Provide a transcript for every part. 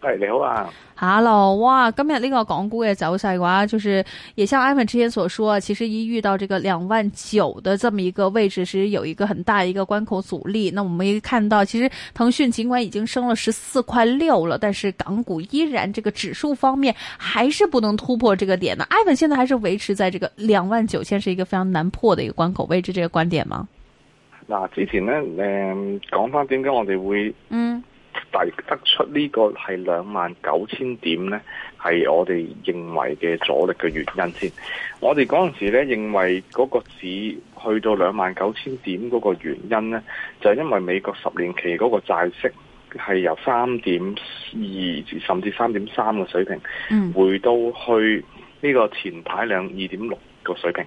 係你好啊，Hello！哇，今日呢個港股嘅走勢嘅話，就是也像 Ivan 之前所說，其實一遇到這個兩萬九的這麼一個位置，其實有一個很大的一個關口阻力。那我們一看到，其實騰訊儘管已經升了十四塊六了，但是港股依然這個指數方面還是不能突破這個點呢。Ivan 現在還是維持在這個兩萬九千，是一個非常難破的一個關口位置，這個觀點嗎？嗱，之前呢，誒，講翻點解我哋會嗯。大得出呢個係兩萬九千點呢係我哋認為嘅阻力嘅原因先。我哋嗰陣時咧，認為嗰個市去到兩萬九千點嗰個原因呢，就係因為美國十年期嗰個債息係由三點二甚至三點三嘅水平，回到去呢個前排兩二點六個水平。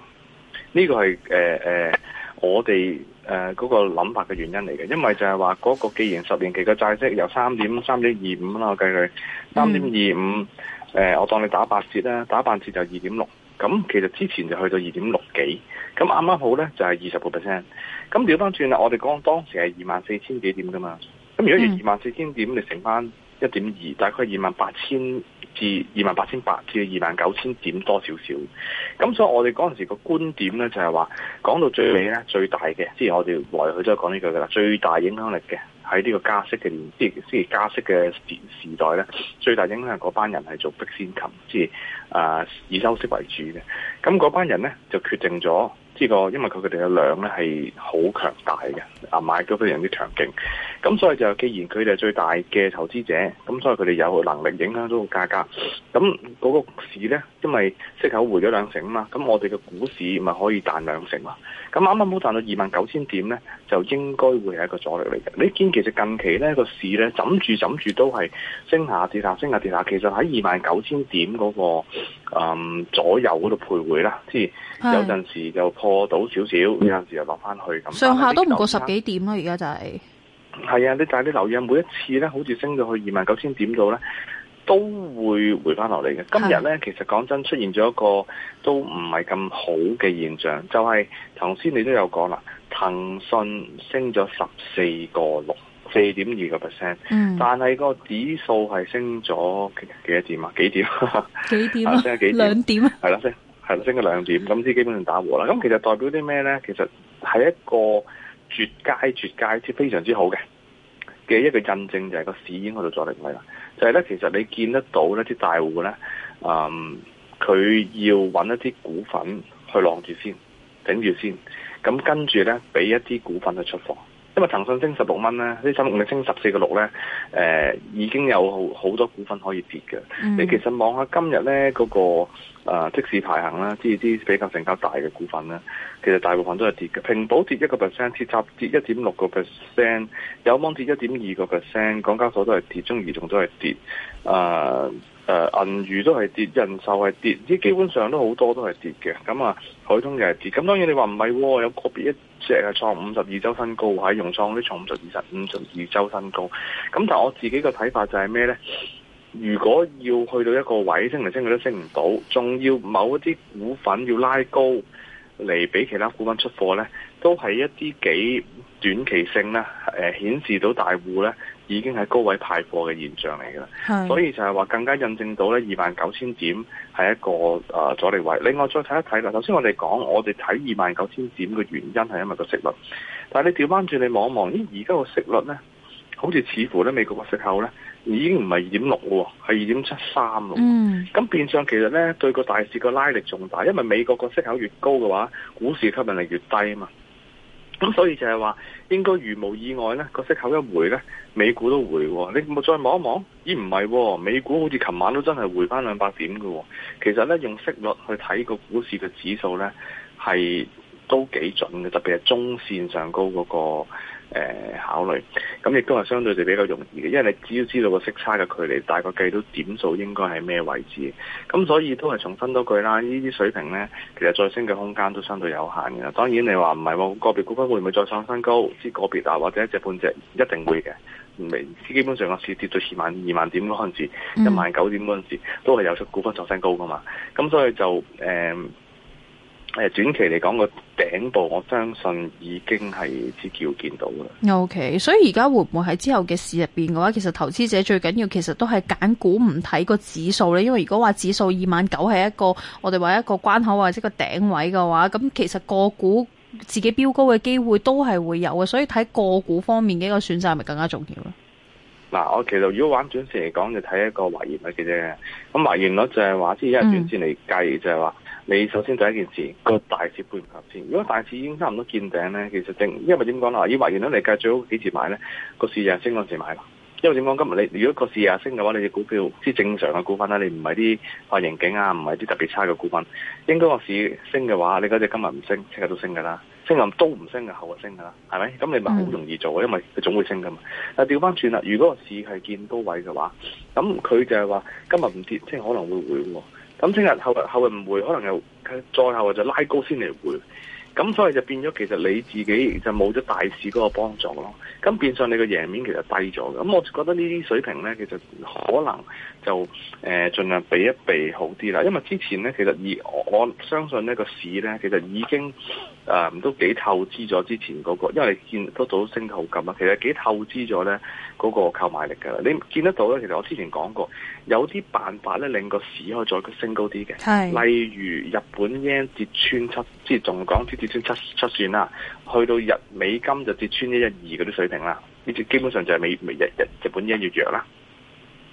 呢個係誒誒，我哋。誒嗰、呃那個諗法嘅原因嚟嘅，因為就係話嗰個既然十年期嘅債息由三點三點二五啦，我計佢三點二五，誒、呃、我當你打八折啦，打八折就二點六，咁其實之前就去到二點六幾，咁啱啱好咧就係二十個 percent，咁掉返轉啦，我哋講當時係二萬四千幾點㗎嘛，咁如果係二萬四千點，你乘返一點二，大概二萬八千。至二萬八千八至二萬九千點多少少，咁所以我哋嗰陣時個觀點咧就係話，講到最尾咧最大嘅，即係我哋來來去去都係講呢句嘅啦，最大影響力嘅喺呢個加息嘅年，即係即係加息嘅時時代咧，最大影響係嗰班人係做逼先琴，即係啊、呃、以收息為主嘅，咁嗰班人咧就決定咗。呢個因為佢哋嘅量咧係好強大嘅，啊買都非常之強勁，咁所以就既然佢哋係最大嘅投資者，咁所以佢哋有能力影響到個價格，咁嗰個市咧，因為息口回咗兩成啊嘛，咁我哋嘅股市咪可以彈兩成嘛，咁啱啱好彈到二萬九千點咧，就應該會係一個阻力嚟嘅。你見其實近期咧個市咧，枕住枕住都係升下跌下升下跌下，跌下其實喺二萬九千點嗰、那個嗯左右嗰度徘徊啦，即係有陣時就過到少少，有陣時又落翻去咁。上下都唔過十幾點啦，而家就係、是。係啊，你但係你留意下，每一次咧，好似升咗去二萬九千點度咧，都會回翻落嚟嘅。今日咧，是的 其實講真，出現咗一個都唔係咁好嘅現象，就係頭先你都有講啦，騰訊升咗十四個六四點二個 percent，但係個指數係升咗幾多點啊？幾點？ 幾點啊？升啊？升幾點？兩點啊？係啦點，先。係升咗兩點，咁即基本上打和啦。咁其實代表啲咩咧？其實係一個絕佳、絕佳即非常之好嘅嘅一個印證，就係、是、個市已經喺度作定位啦。就係、是、咧，其實你見得到咧，啲大戶咧，嗯，佢要揾一啲股份去晾住先，頂住先，咁跟住咧，俾一啲股份去出貨。因為騰訊升十六蚊咧，呢三五日升十四個六咧，誒、呃、已經有好，好多股份可以跌嘅。嗯、你其實望下今日咧嗰個、呃、即市排行啦，即係啲比較成交大嘅股份咧，其實大部分都係跌嘅，平保跌一個 percent，跌七跌一點六個 percent，友邦跌一點二個 percent，港交所都係跌，中移動都係跌，誒、呃。誒，銀娛、呃、都係跌，人壽係跌，啲基本上都好多都係跌嘅。咁、嗯、啊，海通又係跌。咁、嗯、當然你話唔係，有個別一隻係創五十二周新高，或者融創啲創五十二十、五十二周新高。咁、嗯、但係我自己嘅睇法就係咩呢？如果要去到一個位，升嚟升去都升唔到，仲要某一啲股份要拉高嚟俾其他股份出貨呢，都係一啲幾短期性啦。誒、呃，顯示到大戶呢。已經係高位派貨嘅現象嚟嘅啦，的所以就係話更加印證到咧二萬九千點係一個誒阻力位。另外再睇一睇啦，頭先我哋講我哋睇二萬九千點嘅原因係因為個息率，但係你調翻轉你望一望，咦而家個息率咧，好似似乎咧美國個息口咧已經唔係二點六喎，係二點七三喎。嗯，咁變相其實咧對個大市個拉力仲大，因為美國個息口越高嘅話，股市吸引力越低啊嘛。咁所以就係話，應該如無意外咧，個息口一回咧，美股都回喎。你咪再望一望，咦唔係喎，美股好似琴晚都真係回翻兩百點嘅喎。其實呢，用息率去睇個股市嘅指數呢，係都幾準嘅，特別係中線上高嗰個。誒考慮，咁亦都係相對就比較容易嘅，因為你只要知道個色差嘅距離，大概計到點數應該係咩位置，咁所以都係重申多句啦。呢啲水平咧，其實再升嘅空間都相對有限嘅。當然你話唔係喎，個別股份會唔會再創新高？即個別啊，或者一隻半隻一定會嘅。唔明，基本上我 20, 20, 個市跌到二萬二萬點嗰陣時，一萬九點嗰陣時，都係有啲股份創新高噶嘛。咁所以就誒。呃誒，短期嚟講個頂部，我相信已經係自己會見到嘅。O、okay, K，所以而家會唔會喺之後嘅市入邊嘅話，其實投資者最緊要其實都係揀股唔睇個指數咧，因為如果話指數二萬九係一個我哋話一個關口或者個頂位嘅話，咁其實個股自己飆高嘅機會都係會有嘅，所以睇個股方面嘅一個選擇係咪更加重要咧？嗱、啊，我其實如果玩短線嚟講，就睇一個懷疑率嘅啫。咁懷疑率就係話即係一日短線嚟計，就係話。嗯你首先第一件事個大市配合先，如果大市已經差唔多見頂咧，其實正因為點講啦，以華原咧你計，最好幾時買呢時買咧？個市日升嗰時買啦，因為點講？今日你如果個市日升嘅話，你隻股票即係正常嘅股份啦，你唔係啲華盈景啊，唔係啲特別差嘅股份，應該個市升嘅話，你嗰隻今日唔升，聽日都升嘅啦。升咁都唔升嘅後日升嘅啦，係咪？咁你咪好容易做，因為佢總會升嘅嘛。但係調翻轉啦，如果個市係見高位嘅話，咁佢就係話今日唔跌，即係可能會回。咁聽日後日後日唔會，可能又再後日就拉高先嚟回。咁所以就變咗其實你自己就冇咗大市嗰個幫助咯，咁變相你個贏面其實低咗，咁我就覺得呢啲水平呢，其實可能就誒、呃、盡量避一避好啲啦，因為之前呢，其實而我，我相信呢個市呢，其實已經。誒、嗯、都幾透支咗之前嗰、那個，因為見都早升好咁啦，其實幾透支咗咧嗰個購買力㗎啦。你見得到咧，其實我之前講過，有啲辦法咧令個市可以再升高啲嘅。係是，例如日本 yen 跌穿七，之前仲講跌跌穿七七線啦，去到日美金就跌穿一一二嗰啲水平啦，呢啲基本上就係美美日日日本 yen 要弱啦。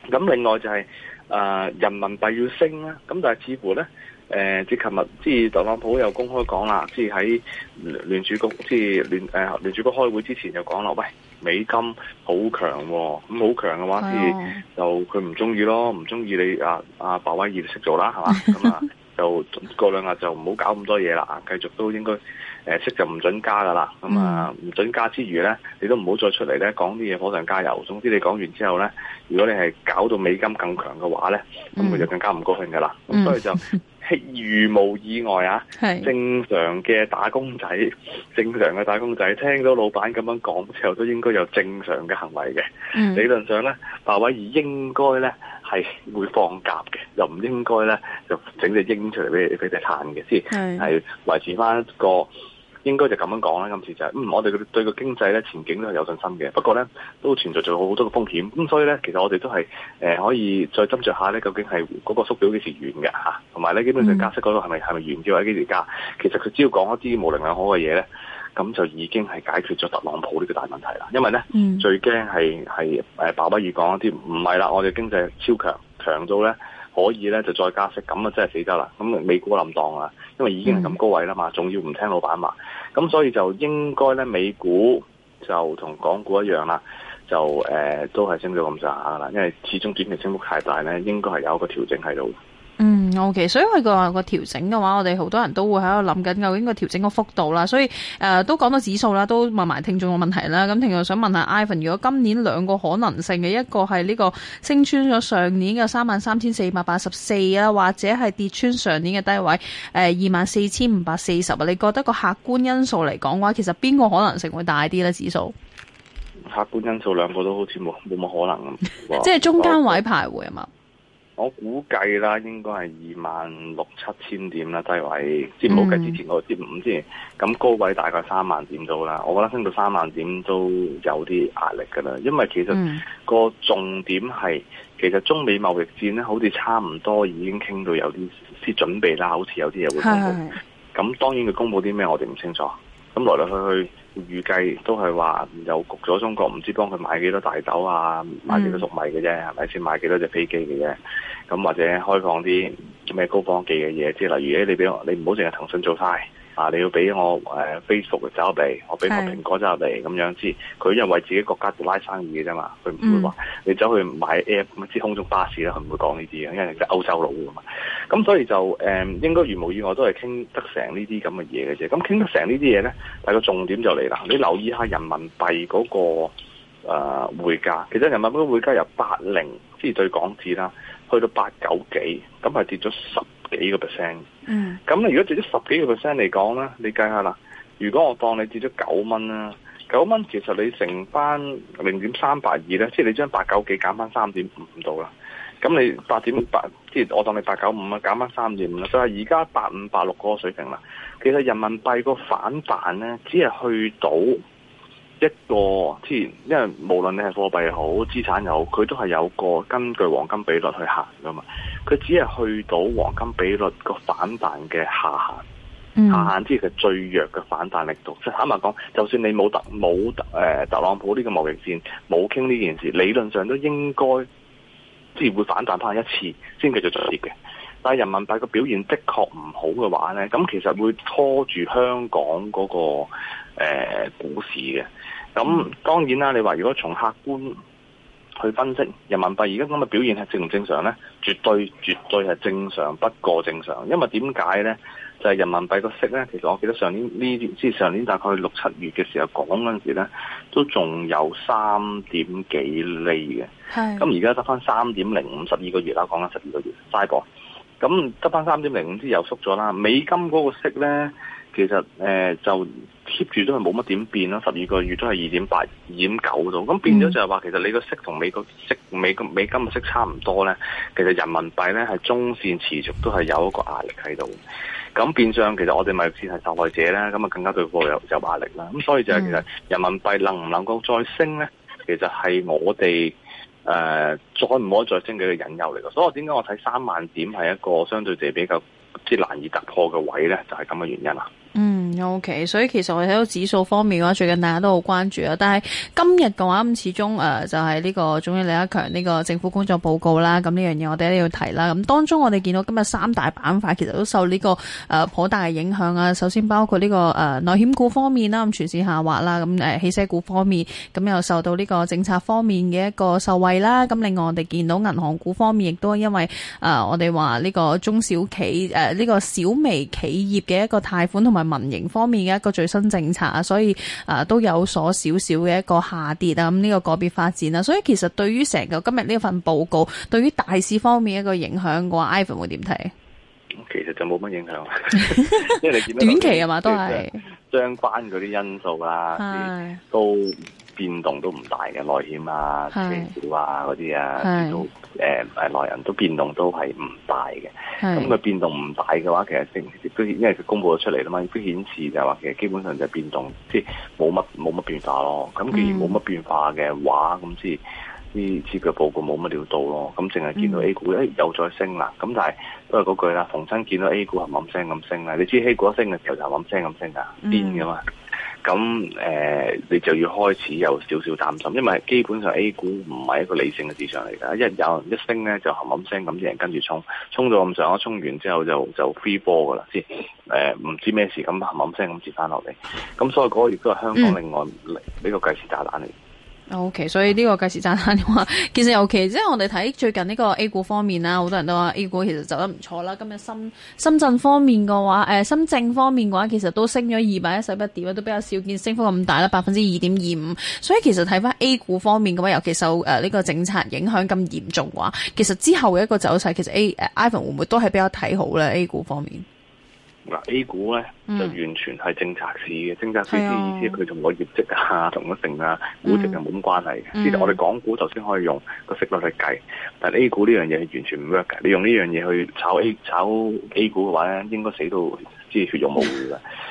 咁另外就係、是、誒、呃、人民幣要升啦，咁但係似乎咧。誒、呃，即琴日，即係特朗普又公開講啦，即係喺聯聯儲局，即係聯誒、呃、聯儲局開會之前就講啦，喂，美金好強喎、哦，咁好強嘅話，即係的就佢唔中意咯，唔中意你啊啊，鮑、啊、威爾識做啦，係嘛？咁啊， 就過兩日就唔好搞咁多嘢啦，繼續都應該誒，息、呃、就唔準加噶啦，咁啊唔準加之餘咧，你都唔好再出嚟咧講啲嘢火上加油。總之你講完之後咧，如果你係搞到美金更強嘅話咧，咁佢就更加唔高興噶啦，咁所以就。 如無意外啊，是正常嘅打工仔，正常嘅打工仔，聽到老闆咁樣講之後，都應該有正常嘅行為嘅。嗯、理論上咧，鮑威爾應該咧係會放鴿嘅，又唔應該咧就整隻鷹出嚟俾俾佢哋彈嘅，先係維持翻一個。應該就咁樣講啦。今次就係、是，嗯，我哋嘅對個經濟咧前景都係有信心嘅。不過咧，都存在咗好多嘅風險。咁、嗯、所以咧，其實我哋都係誒、呃、可以再斟酌下咧，究竟係嗰個縮表幾時完嘅嚇，同埋咧基本上加息嗰度係咪係咪完嘅？或者幾時加？其實佢只要講一啲模棱兩可嘅嘢咧，咁就已經係解決咗特朗普呢個大問題啦。因為咧、嗯、最驚係係誒，鮑威爾講一啲唔係啦，我哋經濟超強，強到咧。可以咧就再加息，咁啊真係死得啦！咁、嗯、美股冧檔啦，因為已經係咁高位啦嘛，仲要唔聽老闆話，咁所以就應該咧美股就同港股一樣啦，就誒、呃、都係升咗咁上下啦，因為始終短期升幅太大咧，應該係有一個調整喺度。O、okay, K，所以話個調整嘅話，我哋好多人都會喺度諗緊，究竟個調整個幅度啦。所以誒、呃，都講到指數啦，都問埋聽眾個問題啦。咁聽眾想問下，Ivan，如果今年兩個可能性嘅，一個係呢個升穿咗上年嘅三萬三千四百八十四啊，或者係跌穿上年嘅低位誒二萬四千五百四十啊，呃、24, 40, 你覺得個客觀因素嚟講嘅話，其實邊個可能性會大啲咧？指數客觀因素兩個都好似冇冇乜可能咁， 即係中間位徘徊啊嘛。哇哇我估計啦，應該係二萬六七千點啦，低位。即冇計之前嗰啲五千。咁、嗯嗯、高位大概三萬點到啦。我覺得升到三萬點都有啲壓力㗎啦。因為其實個重點係，嗯、其實中美貿易戰咧，好似差唔多已經傾到有啲啲準備啦，好似有啲嘢會公佈。咁當然佢公佈啲咩，我哋唔清楚。咁嚟嚟去去預計都係話又焗咗中國，唔知幫佢買幾多大豆啊，買幾多粟米嘅啫，係咪先買幾多隻飛機嘅啫？咁或者開放啲咩高科技嘅嘢，即係例如誒，你俾我，你唔好淨係騰訊做晒。」啊！你要俾我誒 Facebook 走入嚟，我俾個蘋果走入嚟咁樣知，佢因為為自己國家做拉生意嘅啫嘛，佢唔會話你走去買 Air 唔知空中巴士啦，佢唔會講呢啲嘅，因為即係歐洲佬嘅嘛。咁所以就誒、嗯、應該如無意外都係傾得成呢啲咁嘅嘢嘅啫。咁傾得成呢啲嘢咧，但係個重點就嚟啦。你留意下人民幣嗰、那個誒、呃、匯價，其實人民幣嘅匯價由八零即係對港紙啦，去到八九幾，咁係跌咗十。幾個 percent？嗯，咁你如果跌咗十幾個 percent 嚟講咧，你計下啦。如果我當你跌咗九蚊啦，九蚊其實你乘翻零點三八二咧，即係你將八九幾減翻三點五度啦。咁你八點八，即係我當你八九五啊，減翻三點五啦，就係而家八五八六嗰個水平啦。其實人民幣個反彈咧，只係去到，一個，之前因為無論你係貨幣好，資產又好，佢都係有個根據黃金比率去行噶嘛。佢只係去到黃金比率個反彈嘅下限，mm hmm. 下限即係佢最弱嘅反彈力度。即、就、係、是、坦白講，就算你冇特冇誒特、特、特朗普呢個貿易戰，冇傾呢件事，理論上都應該，即係會反彈翻一,一次繼，先繼續再跌嘅。但係人民幣個表現的確唔好嘅話咧，咁其實會拖住香港嗰、嗰個、呃、股市嘅。咁當然啦，你話如果從客觀去分析，人民幣而家咁嘅表現係正唔正常咧？絕對絕對係正常不過正常，因為點解咧？就係、係、人民幣個息咧，其實我記得上年呢，即係上年大概六七月嘅時候講嗰陣時咧，都仲有三點幾厘嘅。係，咁而家得翻三點零五十二個月啦，講緊十二個月，嘥噃。咁得翻三點零五，啲又縮咗啦。美金嗰個息咧，其實誒、呃、就貼住都係冇乜點變咯。十二個月都係二點八二點九度。咁變咗就係話，其實你個息同美國息、美美金嘅息差唔多咧。其實人民幣咧係中線持續都係有一個壓力喺度。咁變相其實我哋咪先係受惠者咧，咁啊更加對貨油有，有壓力啦。咁所以就係其實人民幣能唔能夠再升咧？嗯、其實係我哋。誒、呃，再唔可以再升嘅隱憂嚟嘅，所以我點解我睇三萬點係一個相對嚟比較即係難以突破嘅位咧，就係咁嘅原因啦。嗯。O.K.，所以其實我哋睇到指數方面嘅話，最近大家都好關注啊。但係今日嘅話咁，始終誒、uh, 就係呢個總理李克強呢個政府工作報告啦。咁、啊、呢樣嘢我哋一定要提啦。咁、啊、當中我哋見到今日三大板塊其實都受呢、這個誒、啊、頗大嘅影響啊。首先包括呢、這個誒、啊、內險股方面啦，咁、啊、全線下滑啦。咁、啊、誒汽車股方面咁、啊、又受到呢個政策方面嘅一個受惠啦。咁、啊、另外我哋見到銀行股方面亦都因為誒、啊、我哋話呢個中小企誒呢、啊這個小微企業嘅一個貸款同埋民營。方面嘅一個最新政策啊，所以誒、呃、都有所少少嘅一個下跌啊，咁、這、呢個個別發展啦。所以其實對於成個今日呢份報告，對於大市方面一個影響嘅話，Ivan 會點睇？其實就冇乜影響， 因為 短期啊嘛，都係相關嗰啲因素啊， 哎、都。變動都唔大嘅內險啊、車險啊嗰啲啊，都誒誒內人都變動都係唔大嘅。咁佢是、嗯嗯、變動唔大嘅話，其實即係都因為佢公佈咗出嚟啦嘛，都顯示就係話其實基本上就變動即係冇乜冇乜變化咯。咁、嗯、既然冇乜變化嘅話，咁至啲啲嘅報告冇乜料到咯。咁淨係見到 A 股誒又再升啦。咁但係都係嗰句啦，逢親見到 A 股冚冚聲咁升啦。你知 A 股一升嘅時候就冚冚聲咁升㗎，癲嘅、嗯、嘛。咁誒、呃，你就要開始有少少擔心，因為基本上 A 股唔係一個理性嘅市場嚟㗎，一有人一升咧就冚冚聲咁啲人跟住衝，衝到咁上，一衝完之後就就 free 波㗎啦，先誒唔知咩事咁冚冚聲咁接翻落嚟，咁所以嗰個亦都係香港另外呢個計時炸彈嚟。嗯 OK，所以呢個計時炸彈嘅話，其實尤其即係我哋睇最近呢個 A 股方面啦，好多人都話 A 股其實走得唔錯啦。今日深深圳方面嘅話，誒，深圳方面嘅話，其實都升咗二百一十一點啦，都比較少見升幅咁大啦，百分之二點二五。所以其實睇翻 A 股方面嘅話，尤其受誒呢個政策影響咁嚴重嘅話，其實之後嘅一個走勢，其實 A 誒，Ivan 會唔會都係比較睇好咧？A 股方面？嗱 A 股咧、嗯、就完全係政策市嘅，嗯、政策市意思佢同個業績啊、同個成啊、估值就冇乜關係嘅。其實、嗯、我哋港股頭先可以用個息率去計，但 A 股呢樣嘢係完全唔 work 㗎。你用呢樣嘢去炒 A 炒 A 股嘅話，應該死到。即係 是 血肉無語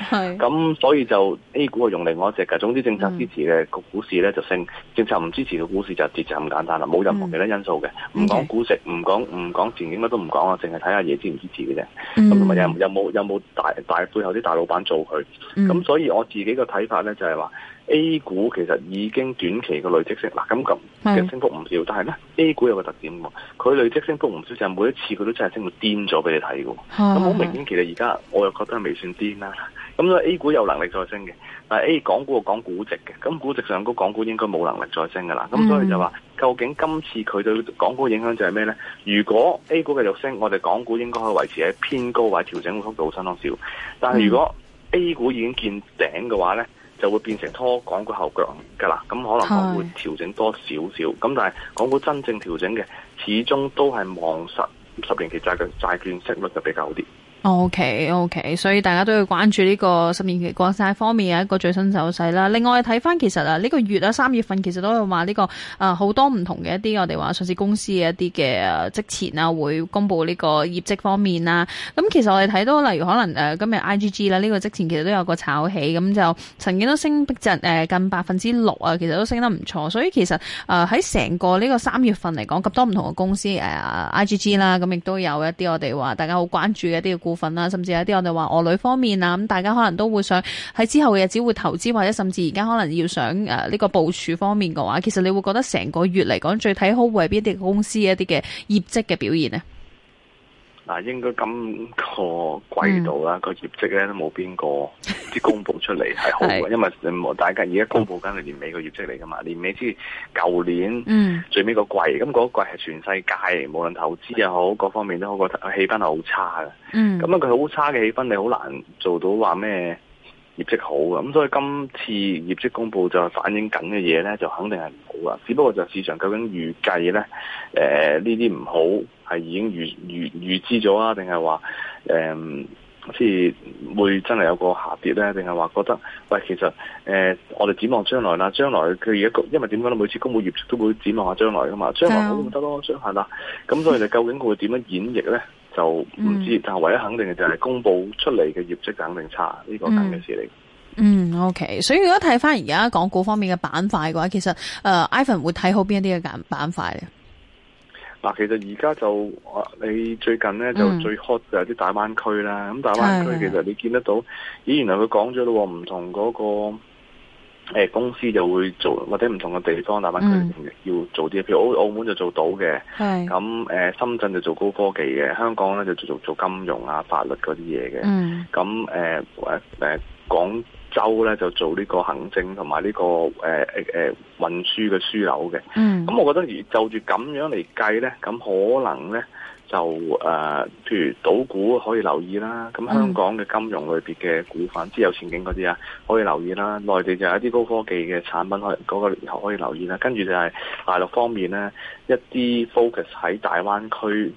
嘅，咁所以就 A 股啊用另外一隻嘅。總之政策支持嘅個股市咧就，嗯、就升，政策唔支持嘅股市就跌，就咁簡單啦，冇任何其他因素嘅。唔講股息，唔講唔講前景乜都唔講啊，淨係睇下嘢支唔支持嘅啫。咁同埋有有冇有冇大大背後啲大老闆做佢。咁、嗯、所以我自己嘅睇法咧就係、是、話。A 股其實已經短期嘅累積升，嗱咁咁嘅升幅唔少，但係咧 A 股有個特點，佢累積升幅唔少，就係、每一次佢都真係升到癲咗俾你睇嘅，咁好明顯，其實而家我又覺得係未算癲啦。咁所以 A 股有能力再升嘅，但係 A 港股我講估值嘅，咁估值上高，港股應該冇能力再升嘅啦。咁、嗯、所以就話，究竟今次佢對港股影響就係咩咧？如果 A 股繼續升，我哋港股應該可以維持喺偏高位，調整幅度相當少。但係如果 A 股已經見頂嘅話咧？就會變成拖港股後腳㗎喇，咁可能我會調整多少少，咁是的 但係港股真正調整嘅，始終都係望十十年期望實十年期債券債券息率就比較好啲。O K O K，所以大家都要關注呢個十年期國債方面嘅一個最新走勢啦。另外睇翻其實啊呢、這個月啊三月份其實都有話、這、呢個啊好、呃、多唔同嘅一啲我哋話上市公司嘅一啲嘅啊即前啊會公布呢個業績方面啦。咁、嗯、其實我哋睇到例如可能誒、呃、今日 I G G 啦，呢個即前其實都有個炒起，咁、嗯、就曾經都升逼近誒近百分之六啊，其實都升得唔錯。所以其實誒喺成個呢個三月份嚟講咁多唔同嘅公司誒、呃、I G G 啦，咁、嗯、亦都有一啲我哋話大家好關注嘅一啲嘅股。份啊，甚至有一啲我哋話俄女方面啊，咁大家可能都會想喺之後嘅日子會投資，或者甚至而家可能要想誒呢個部署方面嘅話，其實你會覺得成個月嚟講最睇好會係邊啲公司一啲嘅業績嘅表現呢？嗱，應該今個季度啦，個、嗯、業績咧都冇邊個啲公佈出嚟係好嘅， 是因為大家而家公佈緊係年尾個業績嚟㗎嘛，嗯、年尾即係舊年最尾個季，咁嗰、嗯、季係全世界無論投資又好，各是方面都好個氣氛係好差嘅。咁樣佢好差嘅氣氛，你好難做到話咩？業績好嘅，咁所以今次業績公佈就反映緊嘅嘢咧，就肯定係唔好啊！只不過就市場究竟預計咧，誒呢啲唔好係已經預預預知咗啊？定係話誒，好似、呃、會真係有個下跌咧？定係話覺得喂，其實誒、呃，我哋展望將來啦，將來佢而家因為點講咧？每次公佈業績都會展望下將來噶嘛，將來好唔得咯，Hello. 將來啦，咁所以就究竟佢會點樣演繹咧？就唔知，但係唯一肯定嘅就係公布出嚟嘅業績肯定差，呢個咁嘅事嚟。嗯，OK。所以如果睇翻而家港股方面嘅板塊嘅話，其實誒、呃、，Ivan 會睇好邊一啲嘅板板塊咧？嗱，其實而家就你最近咧、嗯、就最 hot 就係啲大灣區啦。咁大灣區其實你見得到，咦的？原來佢講咗咯，唔同嗰、那個。誒公司就會做或者唔同嘅地方攬翻佢哋要做啲，譬、mm. 如澳澳門就做到嘅，咁誒是深圳就做高科技嘅，香港咧就做做做金融啊法律嗰啲嘢嘅，咁誒誒誒廣州咧就做呢個行政同埋呢個誒誒誒運輸嘅樞紐嘅，咁、mm. 嗯、我覺得就住咁樣嚟計咧，咁可能咧。就誒，譬、呃、如賭股可以留意啦。咁香港嘅金融類別嘅股份，之係有前景嗰啲啊，可以留意啦。內地就有一啲高科技嘅產品可，可、那、嗰個年頭可以留意啦。跟住就係大陸方面咧，一啲 focus 喺大灣區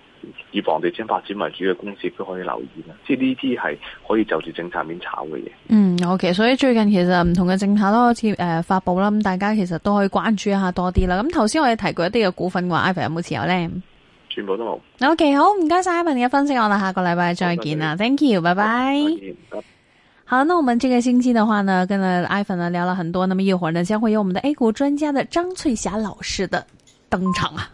以房地產發展為主嘅公司亦都可以留意啦。即係呢啲係可以就住政策面炒嘅嘢。嗯，好。其實所以最近其實唔同嘅政策都好似誒發布啦。咁大家其實都可以關注一下多啲啦。咁頭先我哋提過一啲嘅股份話 i v a 有冇持有咧？全部都冇。OK，好，唔該晒阿文嘅分析，我哋下個禮拜再見啦，Thank you，拜拜。好，那我們這個星期的話呢，跟了艾粉呢聊了很多，那麼一會兒呢，將會有我們的 A 股專家的張翠霞老師的登場啊。